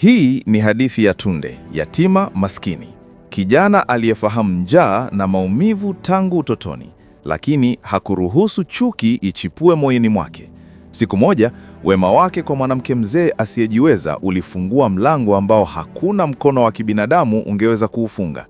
Hii ni hadithi ya Tunde, yatima maskini, kijana aliyefahamu njaa na maumivu tangu utotoni, lakini hakuruhusu chuki ichipue moyoni mwake. Siku moja, wema wake kwa mwanamke mzee asiyejiweza ulifungua mlango ambao hakuna mkono wa kibinadamu ungeweza kuufunga.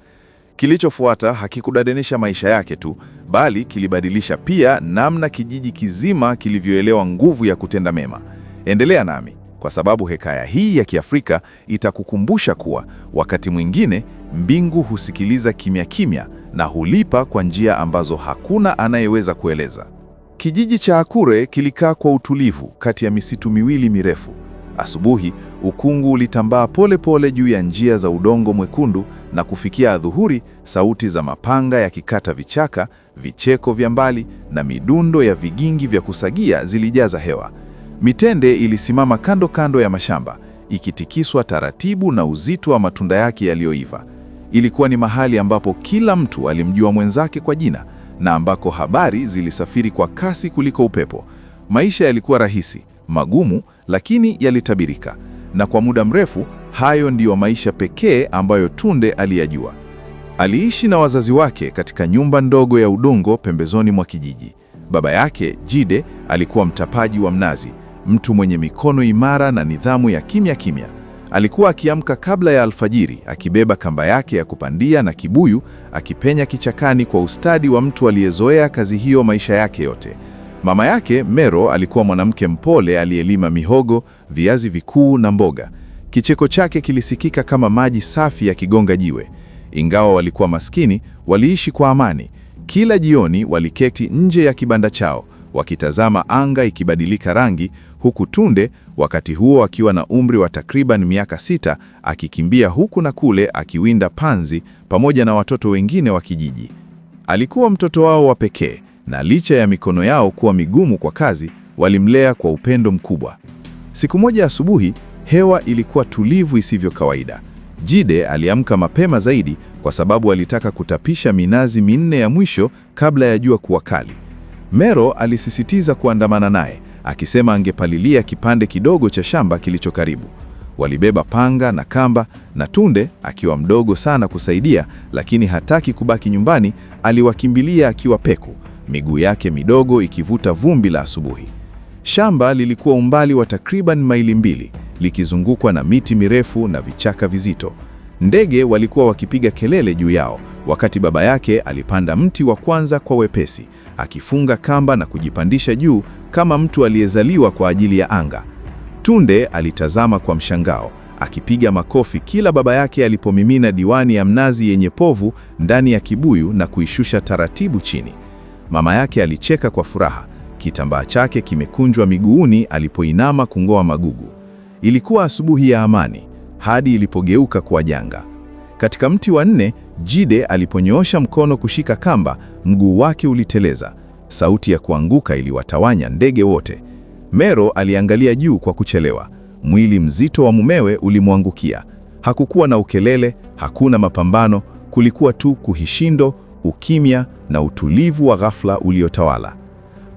Kilichofuata hakikudadanisha maisha yake tu, bali kilibadilisha pia namna kijiji kizima kilivyoelewa nguvu ya kutenda mema. Endelea nami kwa sababu hekaya hii ya Kiafrika itakukumbusha kuwa wakati mwingine mbingu husikiliza kimya kimya na hulipa kwa njia ambazo hakuna anayeweza kueleza. Kijiji cha Akure kilikaa kwa utulivu kati ya misitu miwili mirefu. Asubuhi ukungu ulitambaa pole pole juu ya njia za udongo mwekundu, na kufikia adhuhuri, sauti za mapanga yakikata vichaka, vicheko vya mbali na midundo ya vigingi vya kusagia zilijaza hewa. Mitende ilisimama kando kando ya mashamba, ikitikiswa taratibu na uzito wa matunda yake yaliyoiva. Ilikuwa ni mahali ambapo kila mtu alimjua mwenzake kwa jina na ambako habari zilisafiri kwa kasi kuliko upepo. Maisha yalikuwa rahisi, magumu, lakini yalitabirika. Na kwa muda mrefu, hayo ndiyo maisha pekee ambayo Tunde aliyajua. Aliishi na wazazi wake katika nyumba ndogo ya udongo pembezoni mwa kijiji. Baba yake Jide alikuwa mtapaji wa mnazi mtu mwenye mikono imara na nidhamu ya kimya kimya. Alikuwa akiamka kabla ya alfajiri, akibeba kamba yake ya kupandia na kibuyu, akipenya kichakani kwa ustadi wa mtu aliyezoea kazi hiyo maisha yake yote. Mama yake Mero alikuwa mwanamke mpole aliyelima mihogo, viazi vikuu na mboga. Kicheko chake kilisikika kama maji safi yakigonga jiwe. Ingawa walikuwa maskini, waliishi kwa amani. Kila jioni waliketi nje ya kibanda chao wakitazama anga ikibadilika rangi, huku Tunde wakati huo akiwa na umri wa takriban miaka sita akikimbia huku na kule akiwinda panzi pamoja na watoto wengine wa kijiji. Alikuwa mtoto wao wa pekee, na licha ya mikono yao kuwa migumu kwa kazi, walimlea kwa upendo mkubwa. Siku moja asubuhi, hewa ilikuwa tulivu isivyo kawaida. Jide aliamka mapema zaidi kwa sababu alitaka kutapisha minazi minne ya mwisho kabla ya jua kuwa kali. Mero alisisitiza kuandamana naye, akisema angepalilia kipande kidogo cha shamba kilicho karibu. Walibeba panga na kamba, na Tunde akiwa mdogo sana kusaidia, lakini hataki kubaki nyumbani, aliwakimbilia akiwa peku, miguu yake midogo ikivuta vumbi la asubuhi. Shamba lilikuwa umbali wa takriban maili mbili, likizungukwa na miti mirefu na vichaka vizito. Ndege walikuwa wakipiga kelele juu yao, wakati baba yake alipanda mti wa kwanza kwa wepesi, akifunga kamba na kujipandisha juu kama mtu aliyezaliwa kwa ajili ya anga. Tunde alitazama kwa mshangao akipiga makofi kila baba yake alipomimina diwani ya mnazi yenye povu ndani ya kibuyu na kuishusha taratibu chini. Mama yake alicheka kwa furaha, kitambaa chake kimekunjwa miguuni alipoinama kungoa magugu. Ilikuwa asubuhi ya amani hadi ilipogeuka kuwa janga. Katika mti wa nne, Jide aliponyoosha mkono kushika kamba, mguu wake uliteleza. Sauti ya kuanguka iliwatawanya ndege wote. Mero aliangalia juu kwa kuchelewa. Mwili mzito wa mumewe ulimwangukia. Hakukuwa na ukelele, hakuna mapambano, kulikuwa tu kuhishindo, ukimya na utulivu wa ghafla uliotawala.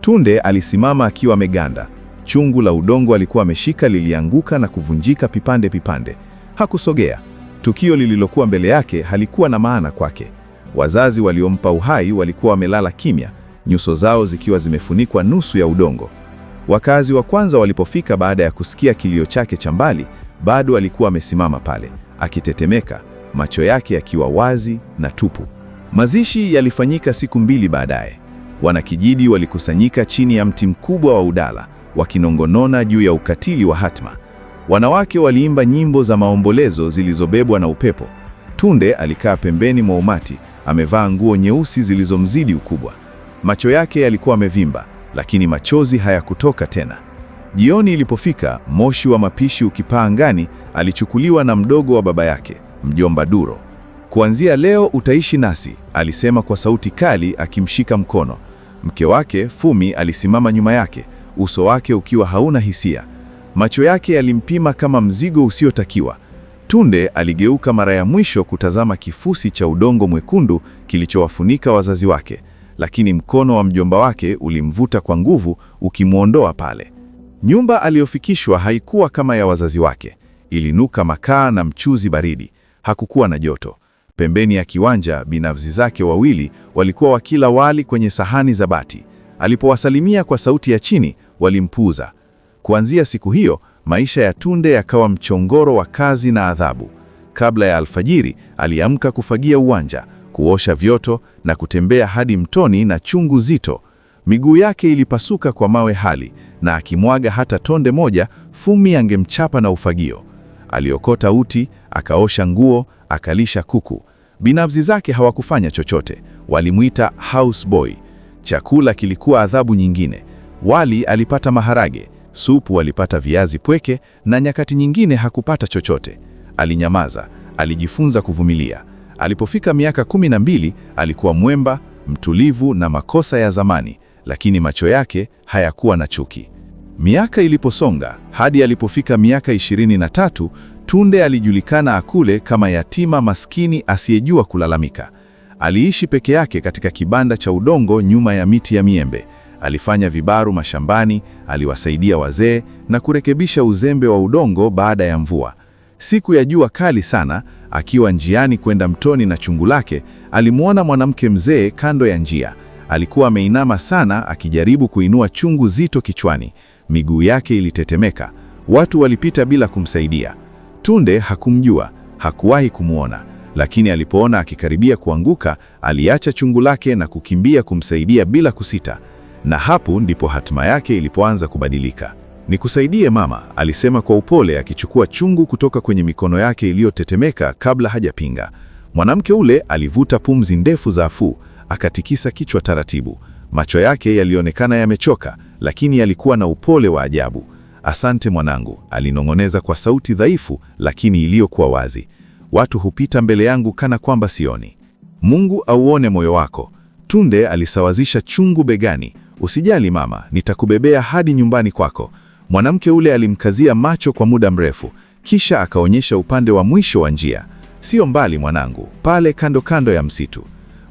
Tunde alisimama akiwa ameganda. Chungu la udongo alikuwa ameshika lilianguka na kuvunjika pipande pipande Hakusogea. Tukio lililokuwa mbele yake halikuwa na maana kwake. Wazazi waliompa uhai walikuwa wamelala kimya, nyuso zao zikiwa zimefunikwa nusu ya udongo. Wakazi wa kwanza walipofika baada ya kusikia kilio chake cha mbali, bado alikuwa amesimama pale akitetemeka, macho yake yakiwa wazi na tupu. Mazishi yalifanyika siku mbili baadaye. Wanakijiji walikusanyika chini ya mti mkubwa wa udala, wakinongonona juu ya ukatili wa hatma. Wanawake waliimba nyimbo za maombolezo zilizobebwa na upepo. Tunde alikaa pembeni mwa umati, amevaa nguo nyeusi zilizomzidi ukubwa. Macho yake yalikuwa amevimba, lakini machozi hayakutoka tena. Jioni ilipofika, moshi wa mapishi ukipaa angani, alichukuliwa na mdogo wa baba yake, mjomba Duro. Kuanzia leo utaishi nasi, alisema kwa sauti kali, akimshika mkono. Mke wake Fumi alisimama nyuma yake, uso wake ukiwa hauna hisia. Macho yake yalimpima kama mzigo usiotakiwa. Tunde aligeuka mara ya mwisho kutazama kifusi cha udongo mwekundu kilichowafunika wazazi wake, lakini mkono wa mjomba wake ulimvuta kwa nguvu, ukimwondoa pale. Nyumba aliyofikishwa haikuwa kama ya wazazi wake, ilinuka makaa na mchuzi baridi. Hakukuwa na joto. Pembeni ya kiwanja, binafsi zake wawili walikuwa wakila wali kwenye sahani za bati. Alipowasalimia kwa sauti ya chini, walimpuuza. Kuanzia siku hiyo, maisha ya Tunde yakawa mchongoro wa kazi na adhabu. Kabla ya alfajiri, aliamka kufagia uwanja, kuosha vyoto na kutembea hadi mtoni na chungu zito. Miguu yake ilipasuka kwa mawe hali, na akimwaga hata tonde moja, Fumi angemchapa na ufagio. Aliokota uti, akaosha nguo, akalisha kuku. Binafsi zake hawakufanya chochote, walimwita houseboy. Chakula kilikuwa adhabu nyingine. Wali alipata maharage, Supu alipata viazi pweke na nyakati nyingine hakupata chochote. Alinyamaza, alijifunza kuvumilia. Alipofika miaka kumi na mbili alikuwa mwemba, mtulivu na makosa ya zamani, lakini macho yake hayakuwa na chuki. Miaka iliposonga hadi alipofika miaka ishirini na tatu Tunde alijulikana Akule kama yatima maskini asiyejua kulalamika. Aliishi peke yake katika kibanda cha udongo nyuma ya miti ya miembe. Alifanya vibaru mashambani, aliwasaidia wazee na kurekebisha uzembe wa udongo baada ya mvua. Siku ya jua kali sana, akiwa njiani kwenda mtoni na chungu lake, alimwona mwanamke mzee kando ya njia. Alikuwa ameinama sana akijaribu kuinua chungu zito kichwani. Miguu yake ilitetemeka. Watu walipita bila kumsaidia. Tunde hakumjua, hakuwahi kumwona, lakini alipoona akikaribia kuanguka, aliacha chungu lake na kukimbia kumsaidia bila kusita na hapo ndipo hatima yake ilipoanza kubadilika. Nikusaidie mama, alisema kwa upole, akichukua chungu kutoka kwenye mikono yake iliyotetemeka kabla hajapinga. Mwanamke ule alivuta pumzi ndefu za afuu, akatikisa kichwa taratibu. Macho yake yalionekana yamechoka, lakini yalikuwa na upole wa ajabu. Asante mwanangu, alinong'oneza kwa sauti dhaifu lakini iliyokuwa wazi. Watu hupita mbele yangu kana kwamba sioni. Mungu auone moyo wako. Tunde alisawazisha chungu begani, Usijali mama, nitakubebea hadi nyumbani kwako. Mwanamke ule alimkazia macho kwa muda mrefu, kisha akaonyesha upande wa mwisho wa njia. Sio mbali mwanangu, pale kando kando ya msitu.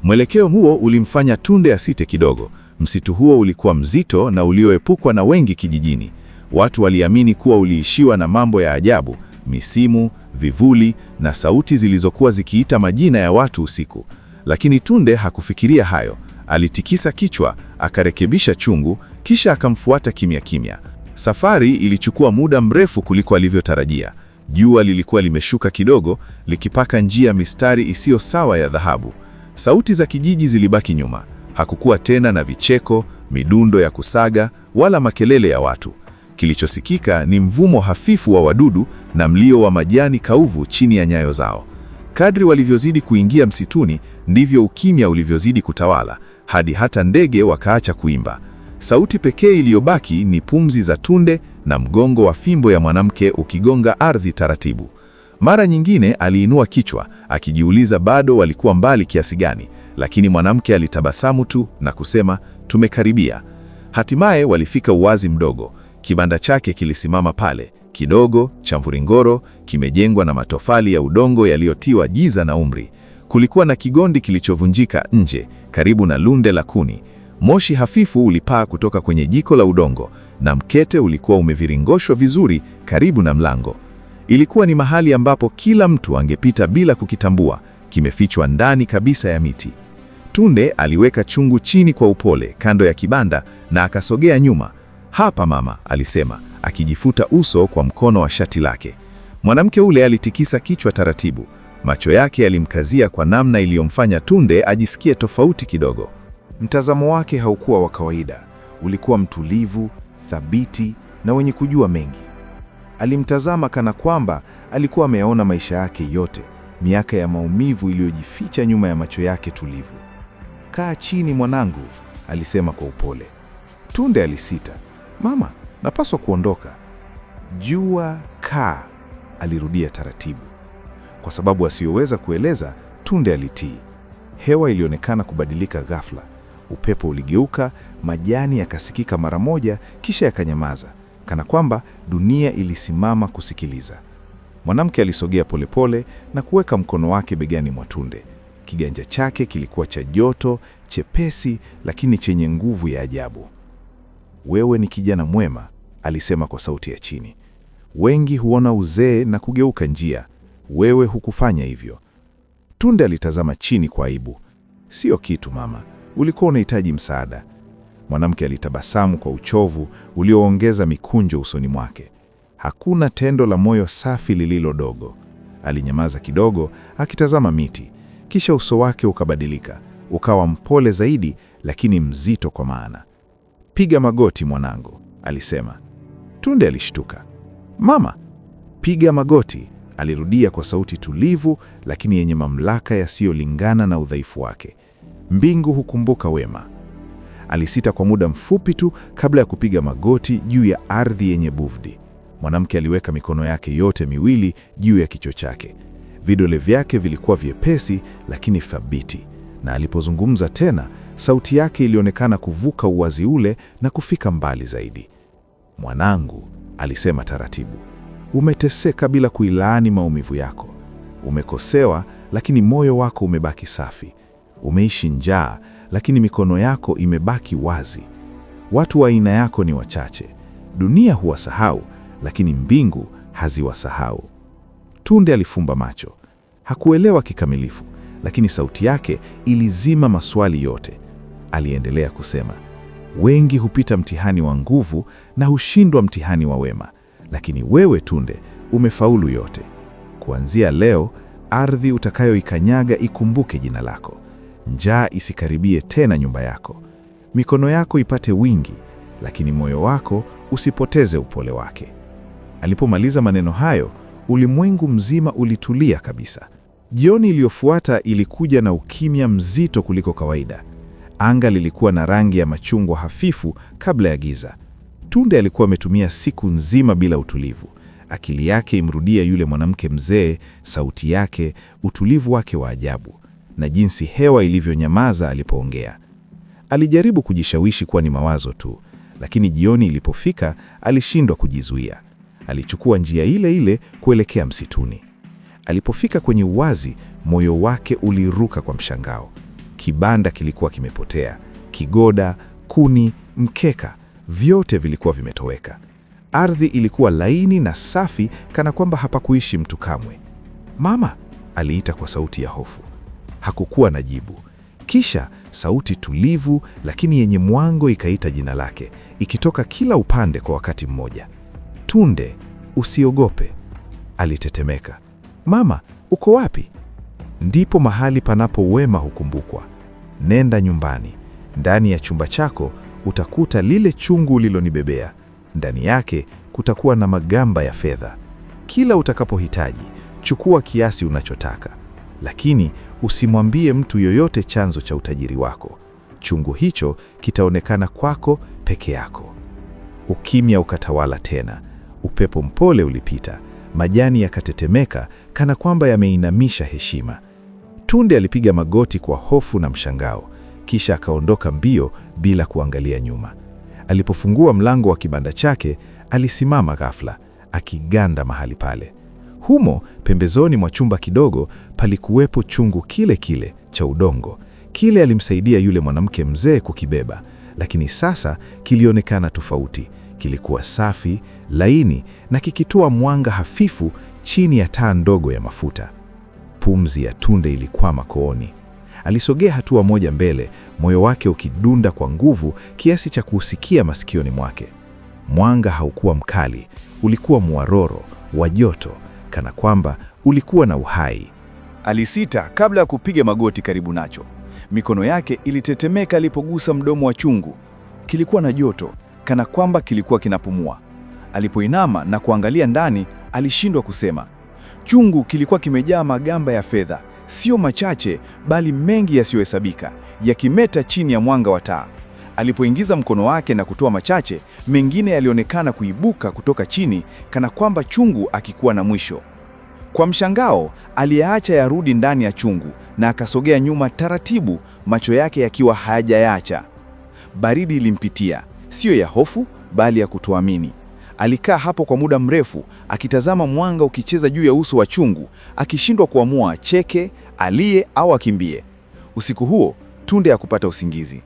Mwelekeo huo ulimfanya Tunde asite kidogo. Msitu huo ulikuwa mzito na ulioepukwa na wengi kijijini. Watu waliamini kuwa uliishiwa na mambo ya ajabu, misimu, vivuli na sauti zilizokuwa zikiita majina ya watu usiku. Lakini Tunde hakufikiria hayo. Alitikisa kichwa akarekebisha chungu, kisha akamfuata kimya kimya. Safari ilichukua muda mrefu kuliko alivyotarajia. Jua lilikuwa limeshuka kidogo, likipaka njia mistari isiyo sawa ya dhahabu. Sauti za kijiji zilibaki nyuma. Hakukuwa tena na vicheko, midundo ya kusaga wala makelele ya watu. Kilichosikika ni mvumo hafifu wa wadudu na mlio wa majani kauvu chini ya nyayo zao. Kadri walivyozidi kuingia msituni, ndivyo ukimya ulivyozidi kutawala, hadi hata ndege wakaacha kuimba. Sauti pekee iliyobaki ni pumzi za Tunde na mgongo wa fimbo ya mwanamke ukigonga ardhi taratibu. Mara nyingine aliinua kichwa akijiuliza bado walikuwa mbali kiasi gani, lakini mwanamke alitabasamu tu na kusema, tumekaribia. Hatimaye walifika uwazi mdogo. Kibanda chake kilisimama pale, kidogo cha mviringoro kimejengwa na matofali ya udongo yaliyotiwa giza na umri. Kulikuwa na kigondi kilichovunjika nje karibu na lunde la kuni. Moshi hafifu ulipaa kutoka kwenye jiko la udongo na mkete ulikuwa umeviringoshwa vizuri karibu na mlango. Ilikuwa ni mahali ambapo kila mtu angepita bila kukitambua, kimefichwa ndani kabisa ya miti. Tunde aliweka chungu chini kwa upole kando ya kibanda na akasogea nyuma hapa mama, alisema akijifuta uso kwa mkono wa shati lake. Mwanamke ule alitikisa kichwa taratibu, macho yake yalimkazia kwa namna iliyomfanya Tunde ajisikie tofauti kidogo. Mtazamo wake haukuwa wa kawaida, ulikuwa mtulivu, thabiti na wenye kujua mengi. Alimtazama kana kwamba alikuwa ameyaona maisha yake yote, miaka ya maumivu iliyojificha nyuma ya macho yake tulivu. Kaa chini mwanangu, alisema kwa upole. Tunde alisita. Mama, napaswa kuondoka. Jua kaa, alirudia taratibu. Kwa sababu asiyoweza kueleza, Tunde alitii. Hewa ilionekana kubadilika ghafla. Upepo uligeuka, majani yakasikika mara moja, kisha yakanyamaza, kana kwamba dunia ilisimama kusikiliza. Mwanamke alisogea polepole na kuweka mkono wake begani mwa Tunde. Kiganja chake kilikuwa cha joto, chepesi, lakini chenye nguvu ya ajabu. Wewe ni kijana mwema, alisema kwa sauti ya chini. Wengi huona uzee na kugeuka njia, wewe hukufanya hivyo. Tunde alitazama chini kwa aibu. Sio kitu mama, ulikuwa unahitaji msaada. Mwanamke alitabasamu kwa uchovu ulioongeza mikunjo usoni mwake. Hakuna tendo la moyo safi lililo dogo. Alinyamaza kidogo akitazama miti, kisha uso wake ukabadilika, ukawa mpole zaidi, lakini mzito kwa maana. Piga magoti mwanangu, alisema. Tunde alishtuka. Mama, piga magoti, alirudia kwa sauti tulivu lakini yenye mamlaka yasiyolingana na udhaifu wake. Mbingu hukumbuka wema. Alisita kwa muda mfupi tu kabla ya kupiga magoti juu ya ardhi yenye buvdi. Mwanamke aliweka mikono yake yote miwili juu ya kichwa chake. Vidole vyake vilikuwa vyepesi lakini thabiti, na alipozungumza tena sauti yake ilionekana kuvuka uwazi ule na kufika mbali zaidi. Mwanangu, alisema taratibu, umeteseka bila kuilaani maumivu yako. Umekosewa, lakini moyo wako umebaki safi. Umeishi njaa, lakini mikono yako imebaki wazi. Watu wa aina yako ni wachache. Dunia huwasahau, lakini mbingu haziwasahau. Tunde alifumba macho. Hakuelewa kikamilifu, lakini sauti yake ilizima maswali yote aliendelea kusema, wengi hupita mtihani wa nguvu na hushindwa mtihani wa wema, lakini wewe Tunde umefaulu yote. Kuanzia leo, ardhi utakayoikanyaga ikumbuke jina lako. Njaa isikaribie tena nyumba yako. Mikono yako ipate wingi, lakini moyo wako usipoteze upole wake. Alipomaliza maneno hayo, ulimwengu mzima ulitulia kabisa. Jioni iliyofuata ilikuja na ukimya mzito kuliko kawaida. Anga lilikuwa na rangi ya machungwa hafifu kabla ya giza. Tunde alikuwa ametumia siku nzima bila utulivu. Akili yake imrudia yule mwanamke mzee, sauti yake, utulivu wake wa ajabu, na jinsi hewa ilivyonyamaza alipoongea. Alijaribu kujishawishi kuwa ni mawazo tu, lakini jioni ilipofika, alishindwa kujizuia. Alichukua njia ile ile kuelekea msituni. Alipofika kwenye uwazi, moyo wake uliruka kwa mshangao. Kibanda kilikuwa kimepotea, kigoda, kuni, mkeka, vyote vilikuwa vimetoweka. Ardhi ilikuwa laini na safi, kana kwamba hapakuishi mtu kamwe. Mama, aliita kwa sauti ya hofu. Hakukuwa na jibu. Kisha sauti tulivu lakini yenye mwango ikaita jina lake, ikitoka kila upande kwa wakati mmoja. Tunde, usiogope. Alitetemeka. Mama, uko wapi? Ndipo mahali panapo wema hukumbukwa nenda nyumbani. Ndani ya chumba chako utakuta lile chungu ulilonibebea. Ndani yake kutakuwa na magamba ya fedha. Kila utakapohitaji, chukua kiasi unachotaka, lakini usimwambie mtu yoyote chanzo cha utajiri wako. Chungu hicho kitaonekana kwako peke yako. Ukimya ukatawala tena. Upepo mpole ulipita, majani yakatetemeka kana kwamba yameinamisha heshima. Tunde alipiga magoti kwa hofu na mshangao, kisha akaondoka mbio bila kuangalia nyuma. Alipofungua mlango wa kibanda chake, alisimama ghafla akiganda mahali pale. Humo pembezoni mwa chumba kidogo palikuwepo chungu kile kile cha udongo, kile alimsaidia yule mwanamke mzee kukibeba, lakini sasa kilionekana tofauti. Kilikuwa safi, laini na kikitoa mwanga hafifu chini ya taa ndogo ya mafuta. Pumzi ya Tunde ilikwama kooni. Alisogea hatua moja mbele, moyo wake ukidunda kwa nguvu kiasi cha kuusikia masikioni mwake. Mwanga haukuwa mkali, ulikuwa mwaroro wa joto, kana kwamba ulikuwa na uhai. Alisita kabla ya kupiga magoti karibu nacho. Mikono yake ilitetemeka alipogusa mdomo wa chungu. Kilikuwa na joto, kana kwamba kilikuwa kinapumua. Alipoinama na kuangalia ndani, alishindwa kusema, Chungu kilikuwa kimejaa magamba ya fedha, sio machache, bali mengi yasiyohesabika, yakimeta chini ya mwanga wa taa. Alipoingiza mkono wake na kutoa machache, mengine yalionekana kuibuka kutoka chini, kana kwamba chungu akikuwa na mwisho. Kwa mshangao, aliyaacha yarudi ndani ya chungu na akasogea nyuma taratibu, macho yake yakiwa hayajayaacha. Baridi ilimpitia, siyo ya hofu, bali ya kutoamini. Alikaa hapo kwa muda mrefu akitazama mwanga ukicheza juu ya uso wa chungu, akishindwa kuamua acheke, alie au akimbie. Usiku huo Tunde hakupata usingizi.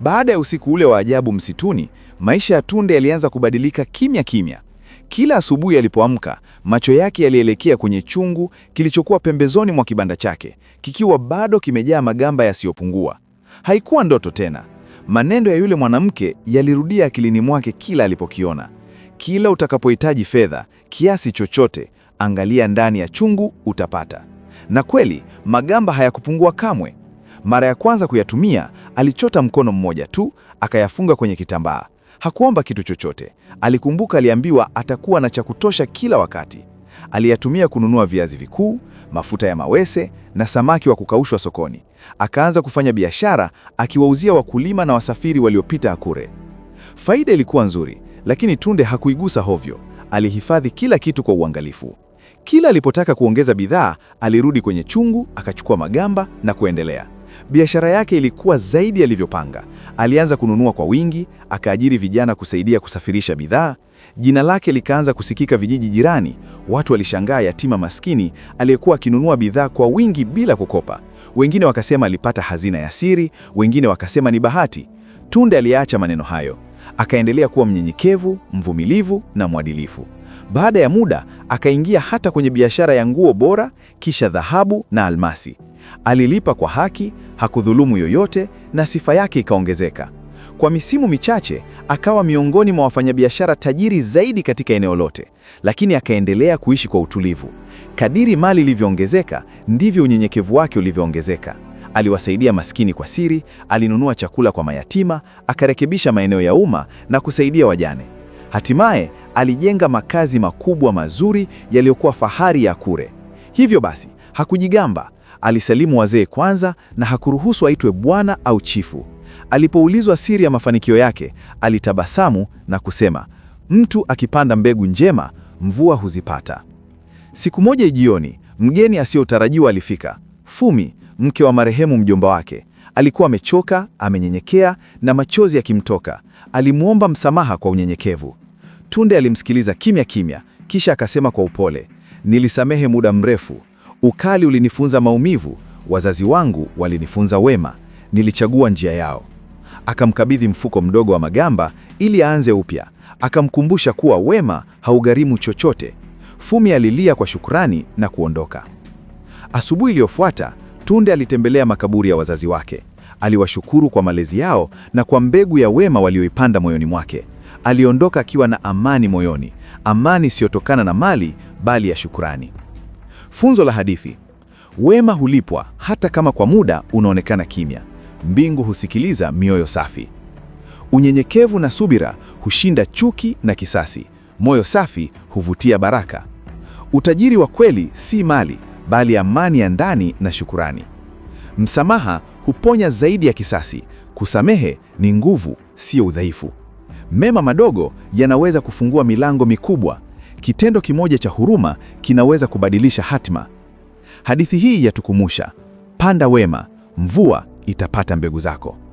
Baada ya usiku ule wa ajabu msituni, maisha ya Tunde yalianza kubadilika kimya kimya. Kila asubuhi alipoamka, macho yake yalielekea kwenye chungu kilichokuwa pembezoni mwa kibanda chake, kikiwa bado kimejaa magamba yasiyopungua. Haikuwa ndoto tena. Maneno ya yule mwanamke yalirudia akilini mwake kila alipokiona. Kila utakapohitaji fedha kiasi chochote, angalia ndani ya chungu utapata. Na kweli Magamba hayakupungua kamwe. Mara ya kwanza kuyatumia alichota mkono mmoja tu, akayafunga kwenye kitambaa. Hakuomba kitu chochote, alikumbuka aliambiwa atakuwa na cha kutosha kila wakati. Aliyatumia kununua viazi vikuu, mafuta ya mawese na samaki wa kukaushwa sokoni. Akaanza kufanya biashara akiwauzia wakulima na wasafiri waliopita Akure. Faida ilikuwa nzuri, lakini Tunde hakuigusa hovyo. Alihifadhi kila kitu kwa uangalifu. Kila alipotaka kuongeza bidhaa, alirudi kwenye chungu, akachukua magamba na kuendelea. Biashara yake ilikuwa zaidi alivyopanga. Alianza kununua kwa wingi, akaajiri vijana kusaidia kusafirisha bidhaa. Jina lake likaanza kusikika vijiji jirani. Watu walishangaa yatima maskini aliyekuwa akinunua bidhaa kwa wingi bila kukopa. Wengine wakasema alipata hazina ya siri, wengine wakasema ni bahati. Tunde aliacha maneno hayo. Akaendelea kuwa mnyenyekevu, mvumilivu na mwadilifu. Baada ya muda akaingia hata kwenye biashara ya nguo bora, kisha dhahabu na almasi. Alilipa kwa haki, hakudhulumu yoyote na sifa yake ikaongezeka. Kwa misimu michache akawa miongoni mwa wafanyabiashara tajiri zaidi katika eneo lote, lakini akaendelea kuishi kwa utulivu. Kadiri mali ilivyoongezeka ndivyo unyenyekevu wake ulivyoongezeka aliwasaidia maskini kwa siri, alinunua chakula kwa mayatima, akarekebisha maeneo ya umma na kusaidia wajane. Hatimaye alijenga makazi makubwa mazuri yaliyokuwa fahari ya Kure. Hivyo basi hakujigamba, alisalimu wazee kwanza na hakuruhusu aitwe bwana au chifu. Alipoulizwa siri ya mafanikio yake, alitabasamu na kusema, mtu akipanda mbegu njema, mvua huzipata. Siku moja jioni, mgeni asiyotarajiwa alifika, Fumi mke wa marehemu mjomba wake, alikuwa amechoka, amenyenyekea na machozi yakimtoka. Alimwomba msamaha kwa unyenyekevu. Tunde alimsikiliza kimya kimya, kisha akasema kwa upole, nilisamehe muda mrefu. Ukali ulinifunza maumivu, wazazi wangu walinifunza wema, nilichagua njia yao. Akamkabidhi mfuko mdogo wa magamba ili aanze upya, akamkumbusha kuwa wema haugharimu chochote. Fumi alilia kwa shukrani na kuondoka. Asubuhi iliyofuata Tunde alitembelea makaburi ya wazazi wake. Aliwashukuru kwa malezi yao na kwa mbegu ya wema walioipanda moyoni mwake. Aliondoka akiwa na amani moyoni, amani isiyotokana na mali bali ya shukrani. Funzo la hadithi: wema hulipwa, hata kama kwa muda unaonekana kimya. Mbingu husikiliza mioyo safi. Unyenyekevu na subira hushinda chuki na kisasi. Moyo safi huvutia baraka. Utajiri wa kweli si mali, bali amani ya ndani na shukurani. Msamaha huponya zaidi ya kisasi. Kusamehe ni nguvu, sio udhaifu. Mema madogo yanaweza kufungua milango mikubwa. Kitendo kimoja cha huruma kinaweza kubadilisha hatima. Hadithi hii yatukumusha, panda wema, mvua itapata mbegu zako.